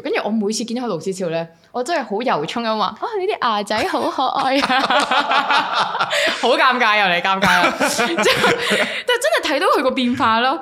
跟住我每次見到佢露齒笑咧，我真係好由衷咁話，啊、哦，你啲牙仔好可愛啊！好尷 尬又嚟尷尬啦， 之後就真係睇到佢個變化咯。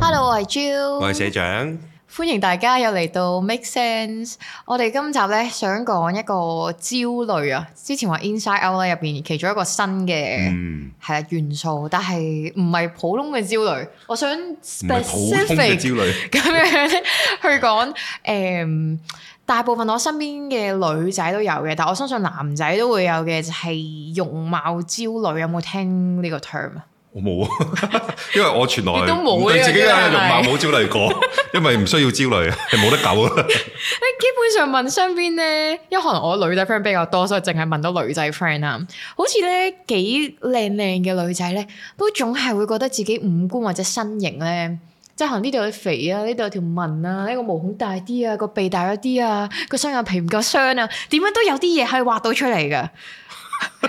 Hello，我係 Joe，我係社長。歡迎大家又嚟到 Make Sense。我哋今集咧想講一個焦慮啊，之前話 Inside Out 入邊其中一個新嘅係啊元素，但係唔係普通嘅焦慮，我想 specific 嘅焦慮咁樣去講。誒、 嗯，大部分我身邊嘅女仔都有嘅，但我相信男仔都會有嘅，就係、是、容貌焦慮。有冇聽呢個 term？我冇啊，因為我從來對自己啊容貌冇焦慮過， 因為唔需要焦慮，係冇得搞啦。 基本上問身邊咧，因為可能我女仔 friend 比較多，所以淨係問到女仔 friend 啊，好似咧幾靚靚嘅女仔咧，都總係會覺得自己五官或者身形咧，即係可能呢度有啲肥啊，呢度有條紋啊，呢個毛孔大啲啊，個鼻大咗啲啊，個雙眼皮唔夠雙啊，點樣都有啲嘢係畫到出嚟嘅，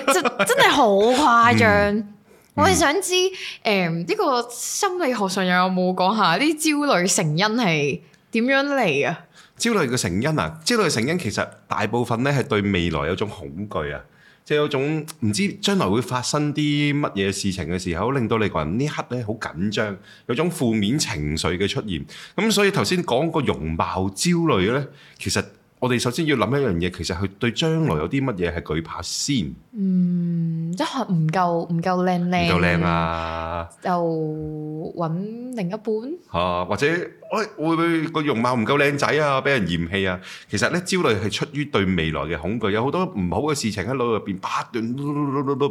就真真係好誇張。 嗯我哋想知，誒呢個心理學上又有冇講下啲焦慮成因係點樣嚟啊？焦慮嘅成因啊，焦慮成因其實大部分咧係對未來有種恐懼啊，即係有種唔知將來會發生啲乜嘢事情嘅時候，令到你個人呢刻咧好緊張，有種負面情緒嘅出現。咁所以頭先講個容貌焦慮咧，其實。我哋首先要諗一樣嘢，其實佢對將來有啲乜嘢係懼怕先？嗯，一係唔夠唔夠靚靚，唔夠靚啊，就揾另一半吓，或者我會唔會個容貌唔夠靚仔啊？俾人嫌棄啊？其實咧，焦慮係出於對未來嘅恐懼，有好多唔好嘅事情喺腦入邊不斷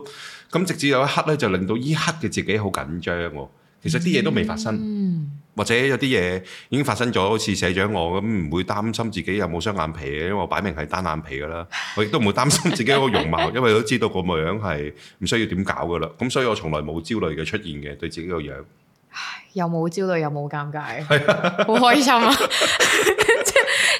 咁，直至有一刻咧，就令到依刻嘅自己好緊張。其實啲嘢都未發生。或者有啲嘢已經發生咗，好似社長我咁，唔會擔心自己有冇雙眼皮嘅，因為我擺明係單眼皮噶啦。我亦都唔會擔心自己個容貌，因為都知道個樣係唔需要點搞噶啦。咁所以我從來冇焦慮嘅出現嘅，對自己個樣。唉，又冇焦慮，又冇尷尬，係好 開心啊！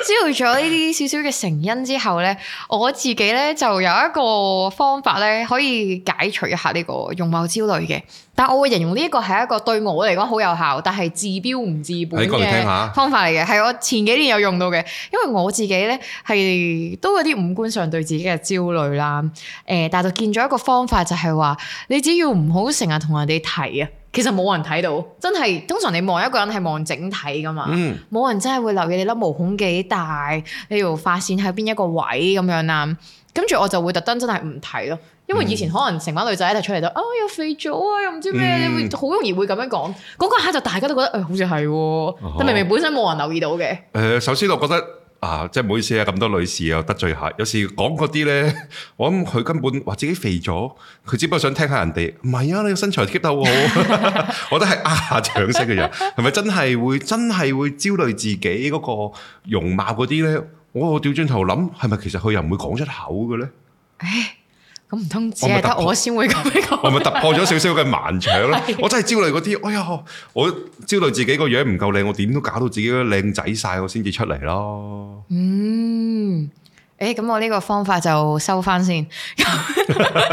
知道咗呢啲少少嘅成因之後咧，我自己咧就有一個方法咧可以解除一下呢、呢個容貌焦慮嘅。但我會形容呢一個係一個對我嚟講好有效，但係治標唔治本嘅方法嚟嘅。係我前幾年有用到嘅，因為我自己咧係都有啲五官上對自己嘅焦慮啦。誒、呃，但係就見咗一個方法就係話，你只要唔好成日同人哋提啊。其實冇人睇到，真係通常你望一個人係望整體噶嘛，冇、嗯、人真係會留意你粒毛孔幾大，你條髮線喺邊一個位咁樣啦。跟住我就會特登真係唔睇咯，因為以前可能成班女仔一齊出嚟都「啊、哦、又肥咗啊又唔知咩，嗯、你會好容易會咁樣講，講講下就大家都覺得誒、哎、好似係，哦，你明明本身冇人留意到嘅。誒、呃，首先我覺得。啊，即係唔好意思啊，咁多女士又得罪下，有時講嗰啲呢，我諗佢根本話自己肥咗，佢只不過想聽下人哋，唔係啊，你個身材 keep 得好， 我都係阿下長色嘅人，係咪 真係會真係會焦慮自己嗰個容貌嗰啲呢？我掉轉頭諗，係咪其實佢又唔會講出口嘅呢？哎咁唔通只係得我先會咁樣？我咪突破咗 少少嘅盲腸咯。 是的 我真係焦慮嗰啲，哎呀，我焦慮自己個樣唔夠靚，我點都搞到自己靚仔晒，我先至出嚟咯。嗯，誒、欸，咁我呢個方法就收翻先。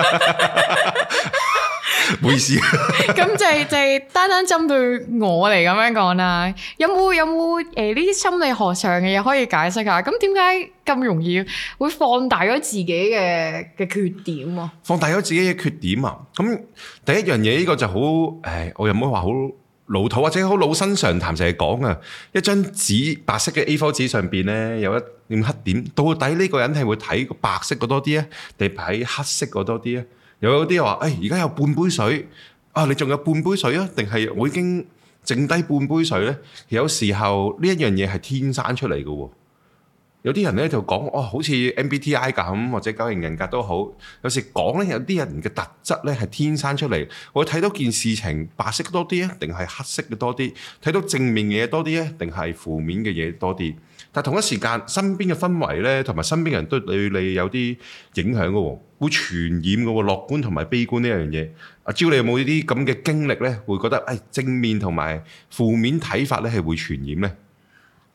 唔好意思，咁 就係就係單單針對我嚟咁樣講啦，有冇有冇誒呢啲心理學上嘅嘢可以解釋下？咁點解咁容易會放大咗自己嘅嘅缺、缺點啊？放大咗自己嘅缺點啊？咁第一樣嘢呢、這個就好誒，我又唔好話好老土或者好老生常談，成日講啊，一張紙白色嘅 A4 紙上邊咧有一點黑點，到底呢個人係會睇白色嘅多啲咧，定睇黑色嘅多啲咧？有啲人話，誒、哎，而家有半杯水啊！你仲有半杯水啊？定係我已經剩低半杯水咧？有時候呢一樣嘢係天生出嚟嘅喎。有啲人咧就講，哦，好似 MBTI 咁，或者九型人格都好。有時講咧，有啲人嘅特質咧係天生出嚟。我睇到件事情，白色多啲啊，定係黑色嘅多啲？睇到正面嘅嘢多啲啊，定係負面嘅嘢多啲？但係同一時間，身邊嘅氛圍咧，同埋身邊人都對你有啲影響嘅喎，會傳染嘅喎，樂觀同埋悲觀呢樣嘢。阿蕉，你有冇呢啲咁嘅經歷咧？會覺得誒正面同埋負面睇法咧係會傳染咧？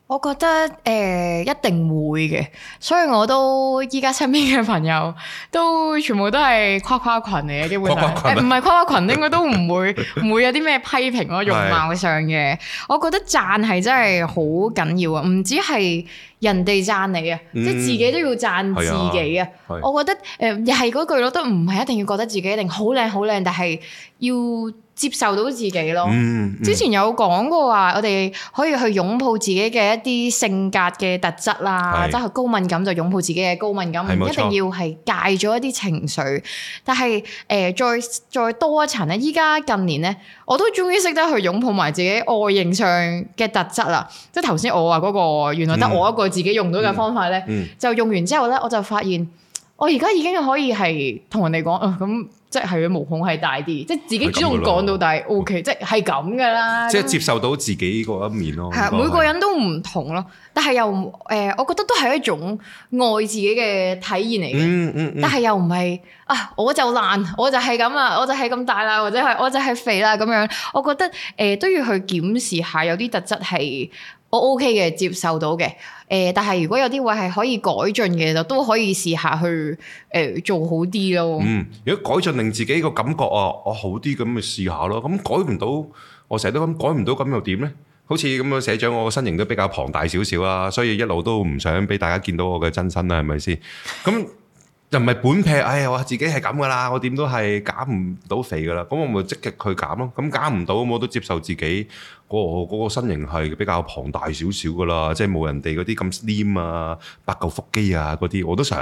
我覺得誒、欸、一定會嘅，所以我都依家身邊嘅朋友都全部都係誇誇群嚟嘅，基本上，會唔係誇誇群，應該都唔會，唔會有啲咩批評咯， 容貌上嘅，我覺得讚係真係好緊要啊，唔止係。人哋讚你啊，嗯、即係自己都要讚自己啊！我覺得誒、呃，又係嗰句咯，都唔係一定要覺得自己一定好靚好靚，但係要接受到自己咯。嗯嗯、之前有講過話，我哋可以去擁抱自己嘅一啲性格嘅特質啦，即係是高敏感就擁抱自己嘅高敏感，是唔一定要係戒咗一啲情緒。錯但係誒、呃，再再多一層咧，依家近年咧。我都終於識得去擁抱埋自己外形上嘅特質啦！即係頭先我話嗰個，原來得我一個自己用到嘅方法咧，嗯嗯、就用完之後咧，我就發現我而家已經可以係同人哋講啊咁。嗯嗯即係佢毛孔係大啲，即係自己主動講到底 O Okay , K，即係係咁㗎啦。即係接受到自己嗰一面咯。係對、哦、每個人都唔同咯，但係又誒、呃，我覺得都係一種愛自己嘅體驗嚟嘅。嗯嗯嗯、但係又唔係啊，我就爛，我就係咁啊，我就係咁大啦，或者係我就係肥啦咁樣。我覺得誒、呃、都要去檢視下有啲特質係。我 OK 嘅，接受到嘅、呃，但係如果有啲位係可以改進嘅，就都可以試下去、呃、做好啲咯。嗯，如果改進令自己個感覺啊，我好啲咁咪試下咯。咁、嗯、改唔到，我成日都咁改唔到，咁又點呢？好似咁樣，社長，我個身形都比較龐大少少啦，所以一路都唔想畀大家見到我嘅真身啦，係咪先？嗯 就唔係本癖，哎呀，我自己係咁噶啦，我點都係減唔到肥噶啦，咁我咪積極去減咯。咁減唔到，我都接受自己個嗰個身形係比較龐大少少噶啦，即係冇人哋嗰啲咁 Slim 啊、八嚿腹肌啊嗰啲，我都想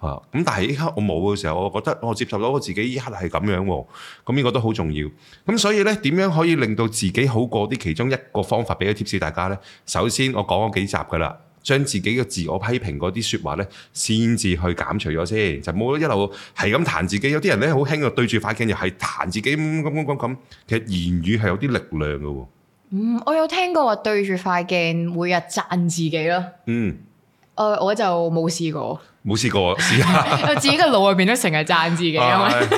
吓。咁但係依刻我冇嘅時候，我覺得我接受到我自己依刻係咁樣喎。咁呢個都好重要。咁所以咧，點樣可以令到自己好過啲？其中一個方法俾個 tips 大家咧。首先，我講咗幾集噶啦。將自己嘅自我批評嗰啲説話咧，先至去減除咗先，就冇一路係咁彈自己。有啲人咧好興啊，對住塊鏡又係彈自己咁咁咁咁。其實言語係有啲力量㗎喎。嗯，我有聽過話對住塊鏡每日讚自己咯。嗯，誒，我就冇試過，冇試過試下。我自己嘅腦入邊都成日讚自己。啊嘛、嗯。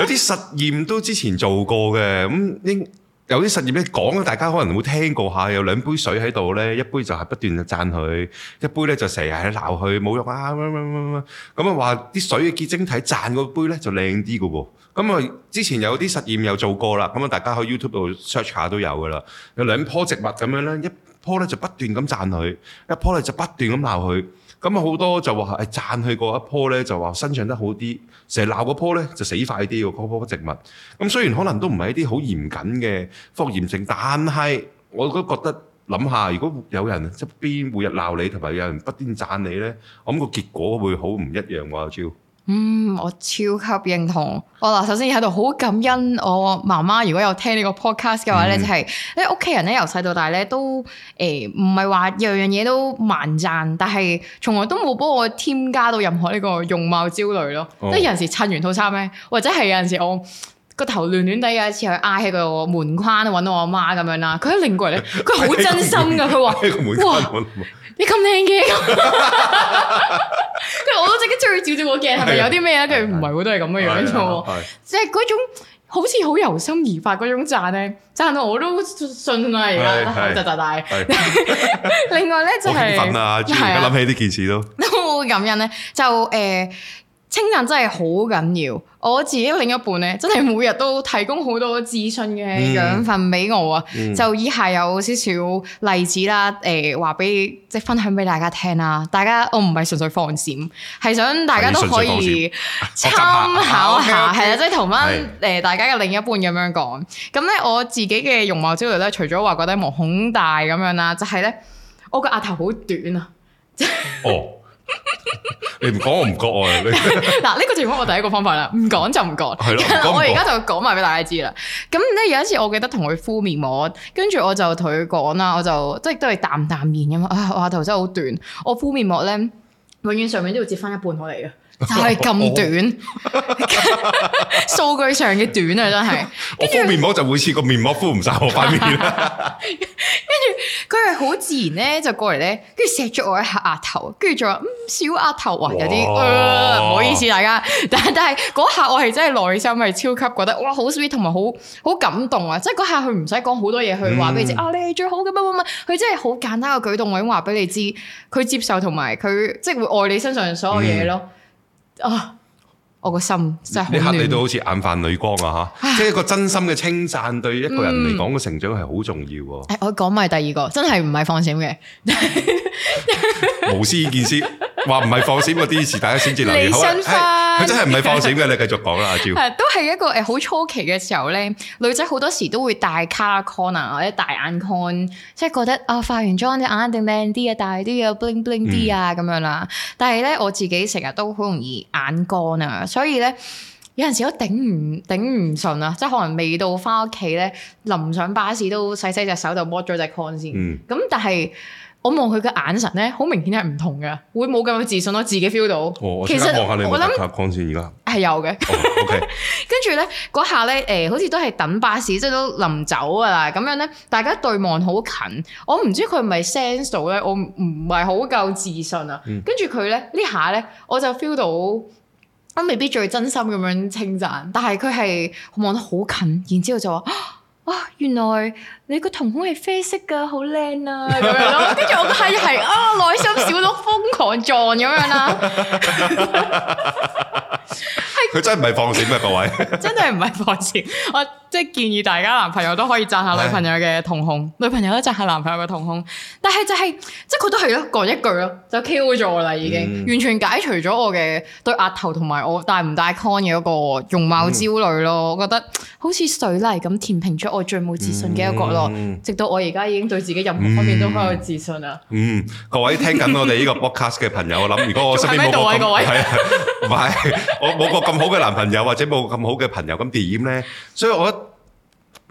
有啲實驗都之前做過嘅，咁、嗯、啲。有啲實驗咧講，大家可能會聽過下。有兩杯水喺度咧，一杯就係不斷嘅讚佢，一杯咧就成日喺鬧佢冇用啊咁樣咁樣咁啊。話啲水嘅結晶體，讚嗰杯咧就靚啲嘅喎。咁啊，之前有啲實驗又做過啦。咁啊，大家去 YouTube 度 search 下都有嘅啦。有兩棵植物咁樣咧，一棵咧就不斷咁讚佢，一棵咧就不斷咁鬧佢，咁啊好多就話係、哎、讚佢嗰一樖咧，就話生長得好啲；成日鬧嗰樖咧，就死快啲喎。嗰樖植物咁、嗯，雖然可能都唔係一啲好嚴謹嘅科學性，但係我都覺得諗下，如果有人側邊每日鬧你，同埋有，有人不斷讚你咧，我諗個結果會好唔一樣喎、啊。阿超。嗯，我超級認同。我嗱，首先喺度好感恩我媽媽。如果有聽個呢個 podcast 嘅話咧，嗯、就係咧屋企人咧由細到大咧都誒唔係話樣樣嘢都蠻讚，但係從來都冇幫我添加到任何呢個容貌焦慮咯。哦、即係有陣時襯完套餐咧，或者係有陣時我個頭亂亂地，有一次去挨喺個門框度揾到我媽咁樣啦。佢一擰過嚟咧，佢好真心㗎。佢話：你咁靚嘅。 我都即刻追住照照個鏡，係咪的有啲咩咧？佢唔係喎，是的都係咁嘅樣啫喎，即係嗰種的好似好由心而發嗰種讚咧，讚到的我都信啦而家，的疼疼大大大。 另外咧就係、是，諗、啊、起啲件事都都好感恩咧，就誒。呃稱讚真係好緊要，我自己另一半咧，真係每日都提供好多資訊嘅養分俾我啊！嗯嗯、就以下有少少例子啦，誒、呃，話俾即係分享俾大家聽啦。大家我唔係純粹放閃，係想大家都可以參考下，係、嗯嗯、啊，即係同翻誒大家嘅另一半咁樣講。咁咧、嗯、我自己嘅容貌焦慮咧，除咗話覺得毛孔大咁樣啦，就係、是、咧我個額頭好短啊，即係、哦。 你唔講我唔覺啊！嗱，呢、 呢個情況我第一個方法 啦，唔講 就唔講。係咯，我而家就講埋俾大家知啦。咁咧，有一次，我記得同佢敷面膜，跟住我就同佢講啦，我就即係都係淡淡面噶嘛。啊，我頭真係好短，我敷面膜咧，永遠上面都要折翻一半我嚟嘅。就係咁短，數 據上嘅短啊，真係。我敷面膜就會似個面膜敷唔晒我塊面。跟住佢係好自然咧，就過嚟咧，跟住錫咗我一下額頭，跟住仲話嗯小額頭啊，有啲呃、唔好意思大家。但係但係嗰下我係真係內心係超級覺得哇好 sweet，同埋好好感動、嗯、啊！即係嗰下佢唔使講好多嘢，佢話俾你知啊，你係最好嘅乜乜乜，佢真係好簡單嘅舉動，我已經話俾你知，佢接受同埋佢即係會愛你身上所有嘢咯。嗯啊！Oh，我個心真係你吓你到好似眼泛淚光啊！吓唉，即係一個真心嘅稱讚對一個人嚟講嘅成長係好重要。誒、嗯，我講埋第二個，真係唔係放閃嘅， 無私呢件事。話唔係放閃嗰啲事，大家先至嚟。李春花，佢、哎、真係唔係放閃嘅，你繼續講啦，照。Jo 都係一個誒，好初期嘅時候咧，女仔好多時都會戴 color con 啊，或者戴眼 con，即係覺得啊、哦，化完妝啲眼一定靚啲啊，大啲啊，bling bling 啲啊，咁樣啦。嗯、但係咧，我自己成日都好容易眼乾啊，所以咧。有陣時我都頂唔頂唔順啊！即係可能未到翻屋企咧，臨上巴士都洗洗隻手就剝咗隻 con 先。咁、嗯、但係我望佢嘅眼神咧，好明顯係唔同嘅，會冇咁嘅自信咯。自己 feel 到。我我我諗下你嘅硬 con 先而家。係有嘅。O K。跟住咧，嗰下咧，誒，好似都係等巴士，即係都臨走㗎啦。咁樣咧，大家對望好近。我唔知佢係咪 sense 到咧，我唔係好夠自信啊。跟住佢咧，呢下咧，我就 feel 到。我未必最真心咁樣稱讚，但係佢係望得好近，然之後就話啊，原來你個瞳孔係啡色噶，好靚啊咁樣咯。跟住我個係係啊，內、就是啊、心小鹿瘋狂撞咁樣啦。係佢真係唔係放閃嘅各位， 真係唔係放閃我。即係建議大家男朋友都可以讚下女朋友嘅瞳孔，是的 女朋友都讚下男朋友嘅瞳孔。但係就係、是、即係佢都係咯，講一句咯，就 kill 咗我啦，已經了了、嗯、完全解除咗我嘅對額頭同埋我戴唔戴 con 嘅嗰個容貌焦慮咯。我、嗯、覺得好似水泥咁填平咗我最冇自信嘅一個咯。嗯、直到我而家已經對自己任何方面都開始自信啦。嗯，嗯，各位聽緊我哋呢個 broadcast 嘅朋友， 我諗如果我身邊冇位，係唔係我冇個咁好嘅男朋友或者冇咁好嘅朋友，咁點咧？所以我。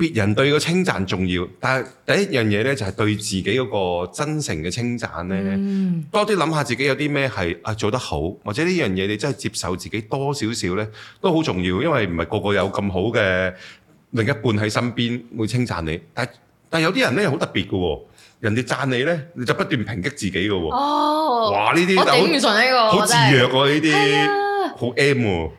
別人對個稱讚重要，但係第一樣嘢咧就係、是、對自己嗰個真誠嘅稱讚咧，嗯、多啲諗下自己有啲咩係啊做得好，或者呢樣嘢你真係接受自己多少少咧，都好重要。因為唔係個個有咁好嘅另一半喺身邊會稱讚你，但係但係有啲人咧好特別嘅喎，人哋讚你咧你就不斷抨擊自己嘅喎，哦、哇呢啲我頂唔順，呢個好自虐，呢啲好 e M、啊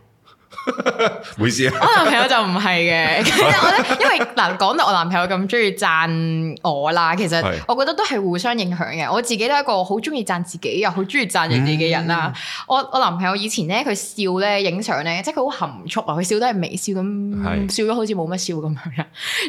會笑啊次！ 我男朋友就唔係嘅，我咧，因為嗱，講到我男朋友咁中意讚我啦，其實我覺得都係互相影響嘅。我自己都係一個好中意讚自己又好中意讚人哋嘅人啦。嗯、我我男朋友以前咧，佢笑咧，影相咧，即係佢好含蓄啊，佢笑都係微笑咁笑咗，好似冇乜笑咁樣。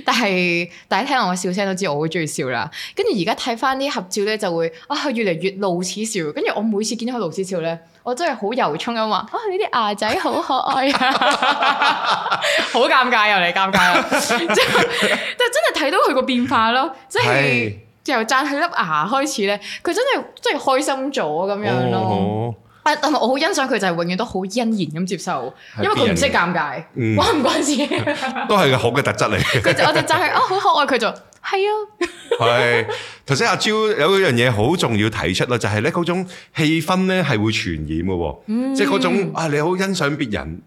但係大家聽到我笑聲都知我，我好中意笑啦。跟住而家睇翻啲合照咧，就會啊，佢越嚟越露齒笑。跟住我每次見到佢露齒笑咧，我真係好由衷咁話啊，呢啲、哦、牙仔好可愛。 好尷尬，又你尷尬，就就、嗯、 真係睇到佢個變化咯，即係由讚佢粒牙開始咧，佢真係真係開心咗咁樣咯。哦、但係我好欣賞佢就係永遠都好欣然咁接受，因為佢唔識尷尬，啊、關唔關事？都係個好嘅特質嚟嘅。我、哦、就讚佢啊，好可愛佢就。係啊。係頭先阿超有一樣嘢好重要提出啦，就係咧嗰種氣氛咧係會傳染嘅，即係嗰種啊你好欣賞別人。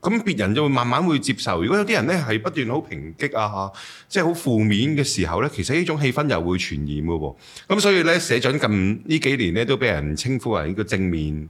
咁別人就慢慢會接受。如果有啲人咧係不斷好抨擊啊，即係好負面嘅時候咧，其實呢種氣氛又會傳染噶喎。咁所以咧，社長近呢幾年咧都俾人稱呼為呢個正面，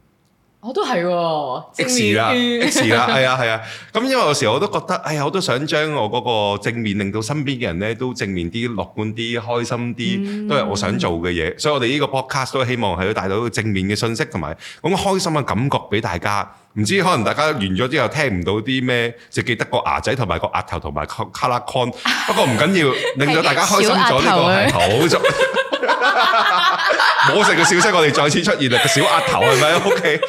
我都係喎，正面啦，即時啦，係啊係啊。咁、啊啊啊、因為有時我都覺得，哎呀，我都想將我嗰個正面，令到身邊嘅人咧都正面啲、樂觀啲、開心啲，都係我想做嘅嘢。嗯、所以我哋呢個 podcast 都希望係要帶到個正面嘅信息同埋咁開心嘅感覺俾大家。唔知道可能大家完咗之後聽唔到啲咩，就記得個牙仔同埋個額頭同埋卡拉 con，不過唔緊要，令到大家開心咗呢個係好重要。冇食嘅笑聲，我哋再次出現啦，個小額頭係咪？OK，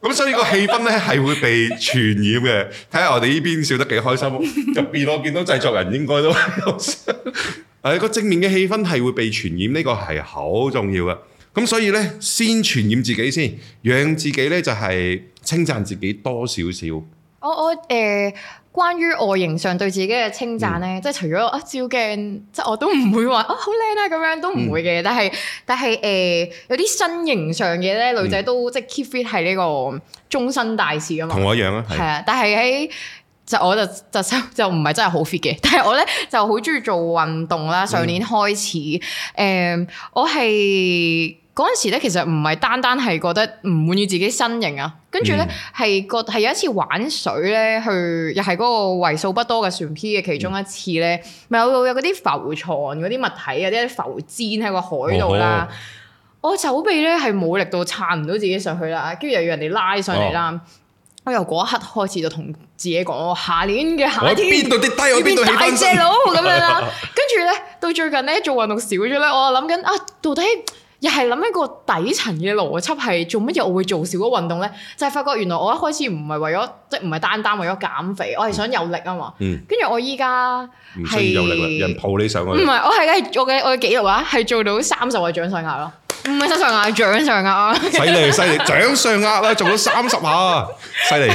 咁所以個氣氛咧係會被傳染嘅。睇下我哋依邊笑得幾開心，入面我見到製作人應該都，係 個正面嘅氣氛係會被傳染，呢、呢個係好重要嘅。咁所以咧，先傳染自己先，養自己咧就係稱讚自己多少少。我我誒，關於外形上對自己嘅稱讚咧，嗯、即係除咗啊照鏡，即係我都唔會話、哦、啊好靚啊咁樣，都唔會嘅、嗯。但係但係誒，有啲身形上嘅咧，女仔都即係 keep fit 係呢個終身大事啊嘛。同我一樣啊，係啊。但係喺就我就就就唔係真係好 fit 嘅。但係我咧就好中意做運動啦。上年開始誒、呃，我係。嗰陣時咧，其實唔係單單係覺得唔滿意自己身形啊，跟住咧係覺係有一次玩水咧，去又係嗰個為數不多嘅船 P 嘅其中一次咧，咪、嗯、有有啲浮床，嗰啲物體啊，啲浮墊喺個海度啦。我手臂咧係冇力到撐唔到自己上去啦，跟住又要人哋拉上嚟啦。哦、我由嗰一刻開始就同自己講、哦：我下年嘅夏天邊度跌低，我邊度大隻佬咁 樣啦。跟住咧到最近咧做運動少咗咧，我又諗緊啊，到底。又係諗一個底層嘅邏輯係做乜嘢？我會做少個運動咧，就係發覺原來我一開始唔係為咗，即係唔係單單為咗減肥，我係想有力啊嘛。嗯。跟住我依家係有力人抱你上去。唔係，我係嘅，我嘅我嘅記錄啊，係做到三十個掌上壓咯，唔係身上壓，掌上壓。犀利，犀利，掌上壓啦，做到三十下，犀利。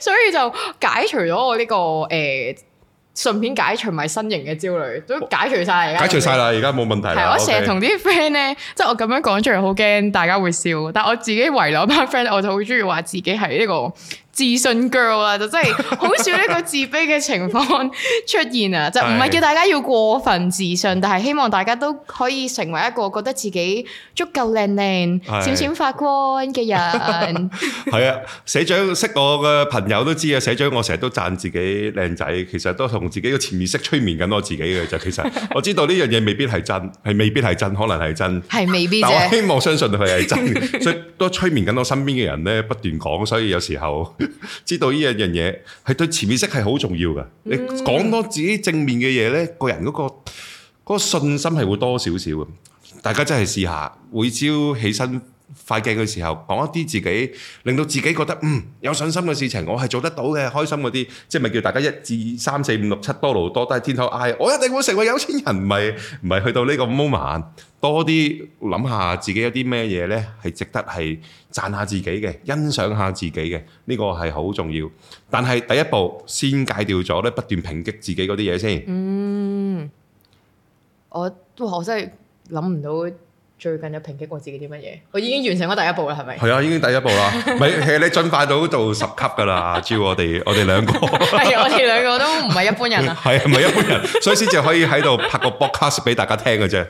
所以就解除咗我呢個誒。呃順便解除埋身形嘅焦慮，都解除晒而家。解除晒啦，而家冇問題。係對 okay.，我成日同啲 friend 咧，即係我咁樣講出嚟，好驚大家會笑。但係我自己為咗班 friend，我就好中意話自己係一、呢個。自信 girl 啊，就真係好少一個自卑嘅情況出現啊！ 就唔係叫大家要過分自信，是但係希望大家都可以成為一個覺得自己足夠靚靚、是閃閃發光嘅人。係 啊，社長識我嘅朋友都知啊，社長我成日都讚自己靚仔，其實都同自己嘅潛意識催眠緊我自己嘅。就其實我知道呢樣嘢未必係真，係未必係真，可能係真，係未必。但我希望相信佢係真，所以都催眠緊我身邊嘅人咧，不斷講，所以有時候。 知道依樣樣嘢，係對潛意識係好重要㗎。你講多自己正面嘅嘢呢，個人嗰、嗰個、嗰個信心係會多少少。大家真係試下，每朝起身。快鏡嘅時候講一啲自己令到自己覺得嗯有信心嘅事情，我係做得到嘅，開心嗰啲，即係咪叫大家一至三四五六七多勞多得。係天后唉，我一定會成為有錢人，唔係唔係去到呢個 moment，多啲諗下自己有啲咩嘢呢？係值得係讚下自己嘅，欣賞下自己嘅，呢個係好重要。但係第一步先戒掉咗呢不斷抨擊自己嗰啲嘢先。嗯，我都我真係諗唔到。最近有抨擊過自己啲乜嘢？我已經完成咗第一步啦，係咪？係啊，已經第一步啦。咪你進化到到十級㗎啦！主要我哋，我哋兩個係 我哋兩個都唔係一般人啊。係唔係一般人？所以先至可以喺度拍個 podcast 俾大家聽嘅啫。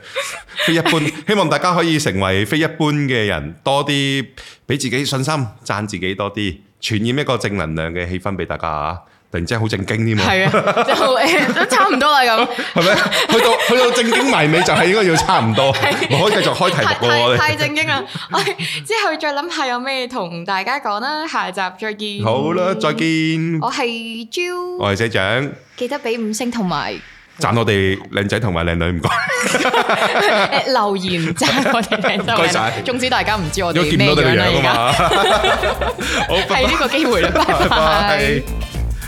非一般，希望大家可以成為非一般嘅人，多啲俾自己信心，讚自己多啲，傳染一個正能量嘅氣氛俾大家啊！突然之間好正經添嘛？係啊，就都差唔多啦咁，係咪？去到去到正經埋尾就係應該要差唔多，唔可以繼續開題目噶喎。太正經啦！之後再諗下有咩同大家講啦，下集再見。好啦，再見。我係 Jew，我係社長。記得俾五星同埋贊我哋靚仔同埋靚女唔該。留言贊我哋靚仔，唔該晒！總之大家唔知我哋咩樣啦而家。好，係呢個機會啦，拜拜。